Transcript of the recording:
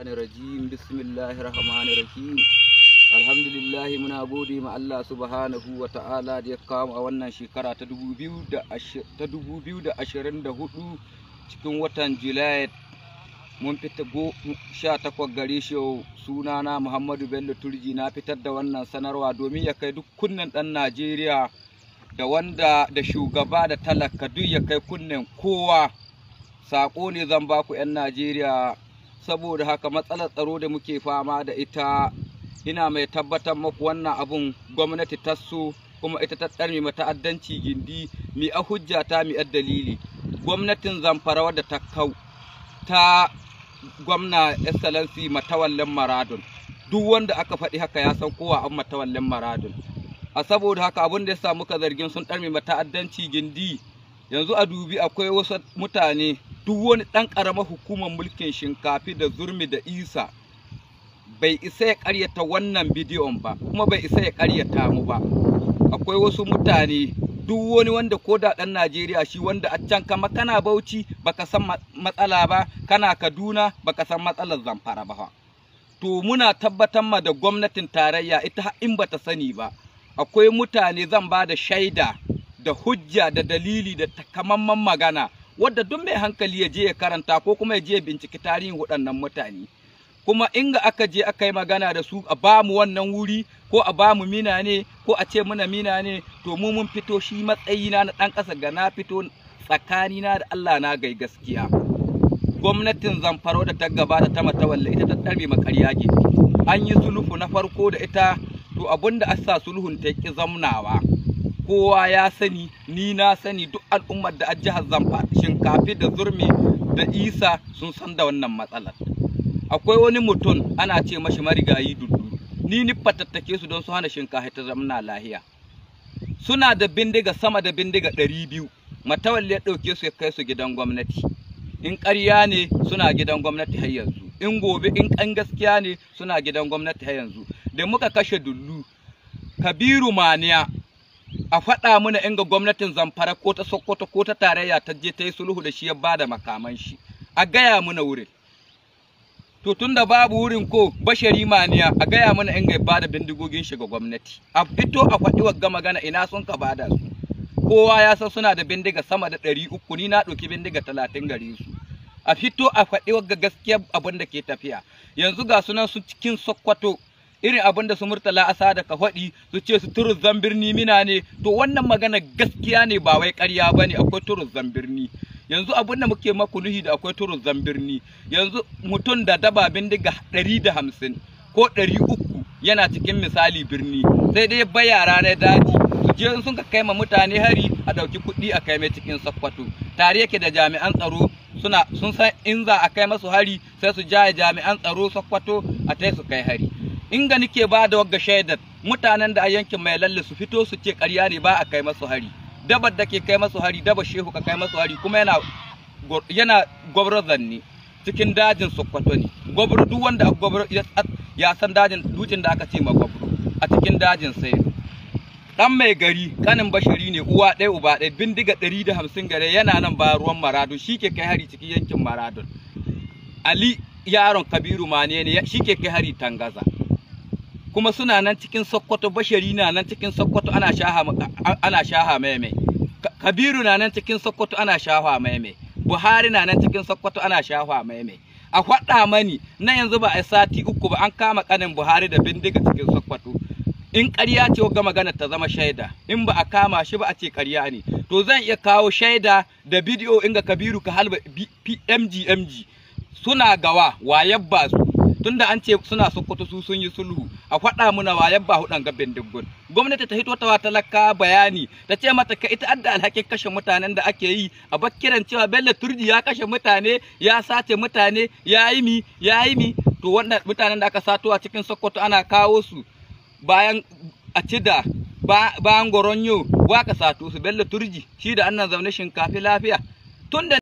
alhamdulillah muna gode ma Allah subhanahu wa ta'ala da ya kawo a wannan shekara ta 2024 cikin watan Julai mun fita 18 gare shi na Muhammadu Bello Turji na fitar da wannan sanarwa domin ya kai duk kunnen dan Najeriya da wanda da shugaba da talaka duk ya kai kunnen kowa sako ne zan baku 'yan Najeriya saboda haka matsalar tsaro da muke fama da ita ina mai tabbatar muku wannan abun gwamnati ta so kuma ita ta tsarmi addanci gindi mi a hujja ta mi a dalili gwamnatin zamfarawa da ta kau ta gwamna excellency matawallin maradun duk wanda aka faɗi haka ya san kowa an matawallin maradun a saboda haka abin da ya samu ka zargin sun ɗarmi mata'addanci gindi yanzu a dubi akwai wasu mutane duk wani ɗan ƙaramar hukumar mulkin shinkafi da zurmi da isa bai isa ya ƙaryata wannan bidiyon ba kuma bai isa ya ƙaryata mu ba akwai wasu mutane duk wani wanda ko da ɗan Najeriya shi wanda a can kama kana Bauchi baka san matsala ba kana Kaduna baka san matsalar Zamfara ba to muna tabbatar ma da gwamnatin tarayya ita in bata sani ba akwai mutane zan ba da shaida da hujja da dalili da takamaiman magana wadda duk mai hankali ya je ya karanta ko kuma ya je ya binciki tarihin waɗannan mutane kuma in inga aka je aka yi magana da su a ba mu wannan wuri ko a ba mu mina ne ko a ce muna mina ne to mu mun fito shi matsayina na ɗan ƙasa ga na fito tsakanina da Allah na gai gaskiya gwamnatin zamfaro da ta gabata ta matawalla ita ta ɗarbe makarya an yi sulhu na farko da ita to abinda sa sulhun ta ki zamnawa kowa ya sani ni na sani duk al'ummar da a jihar zamfa shinkafi da zurmi da isa sun san da wannan matsalar akwai wani mutum ana ce mashi marigayi dudu ni ni fatattake su don su hana shinkafi ta zamna lahiya suna da bindiga sama da bindiga ɗari biyu matawalli ya ɗauke su ya kai su gidan gwamnati in ƙarya ne suna gidan gwamnati har yanzu in gobe in ƙan gaskiya ne suna gidan gwamnati har yanzu da muka kashe dullu kabiru maniya a faɗa mana inga gwamnatin zamfara ko ta sokoto ko ta tarayya ta je ta yi sulhu da shi ya bada makaman shi a gaya mana wurin to tun da babu wurin ko bashari maniya a gaya mana inga ya bada bindigogin shi ga gwamnati a fito a faɗi wagga magana ina sun ka bada su kowa ya san suna da bindiga sama da ɗari uku ni na ɗauki bindiga talatin gare su a fito a faɗi wagga gaskiya abin da ke tafiya yanzu ga sunan su cikin sokoto irin abin da su murtala asa da faɗi su ce su turuzan birni mina ne to wannan magana gaskiya ne ba wai karya ba ne akwai turuzan birni yanzu abin da muke maku nuhi da akwai turuzan birni yanzu mutum da daba bindiga ɗari da hamsin ko ɗari uku yana cikin misali birni sai dai bayara na daji su je sun ka kai ma mutane hari a ɗauki kuɗi a kai mai cikin sakwato. tare yake da jami'an tsaro suna sun san in za a kai masu hari sai su jaya jami'an tsaro sakwato a tai su kai hari inga nike ba da wagga shaidar mutanen da a yankin mai lalle su fito su ce ƙarya ne ba a kai masu hari dabar da ke kai masu hari dabar shehu ka kai masu hari kuma yana yana gwabrar zanne cikin dajin sokoto ne Gwabra duk wanda a gwabro ya san dajin dutsen da aka ce ma gwabra, a cikin dajin sai dan mai gari kanin bashari ne uwa ɗaya uba ɗaya bindiga ɗari da hamsin gare yana nan ba ruwan maradun shi ke kai hari cikin yankin maradun ali yaron kabiru mane ne shi ke kai hari tangaza kuma suna nan cikin sokoto bashari na nan cikin sokoto ana shaha ana shaha mai mai kabiru na nan cikin sokoto ana shaha mai mai buhari na nan cikin sokoto ana shaha mai mai a kwada mani na yanzu ba a sati uku ba an kama kanin buhari da bindiga cikin sokoto in ƙarya ce ga magana ta zama shaida in ba a kama shi ba a ce ƙarya ne to zan iya kawo shaida da bidiyo inga kabiru ka halba mg mg suna gawa wayabba su tun da an ce suna sokoto su sun yi sulhu a faɗa muna wa yabba hudan ga bindigun gwamnati ta hito ta talaka bayani ta ce mata ka ita adda alhakin kashe mutanen da ake yi a bakiran cewa bello turji ya kashe mutane ya sace mutane ya yi mi ya yi mi to wannan mutanen da aka sato a cikin sokoto ana kawo su bayan a cida bayan goronyo waka sato su bello turji shi da annan zaune shinkafi lafiya tunda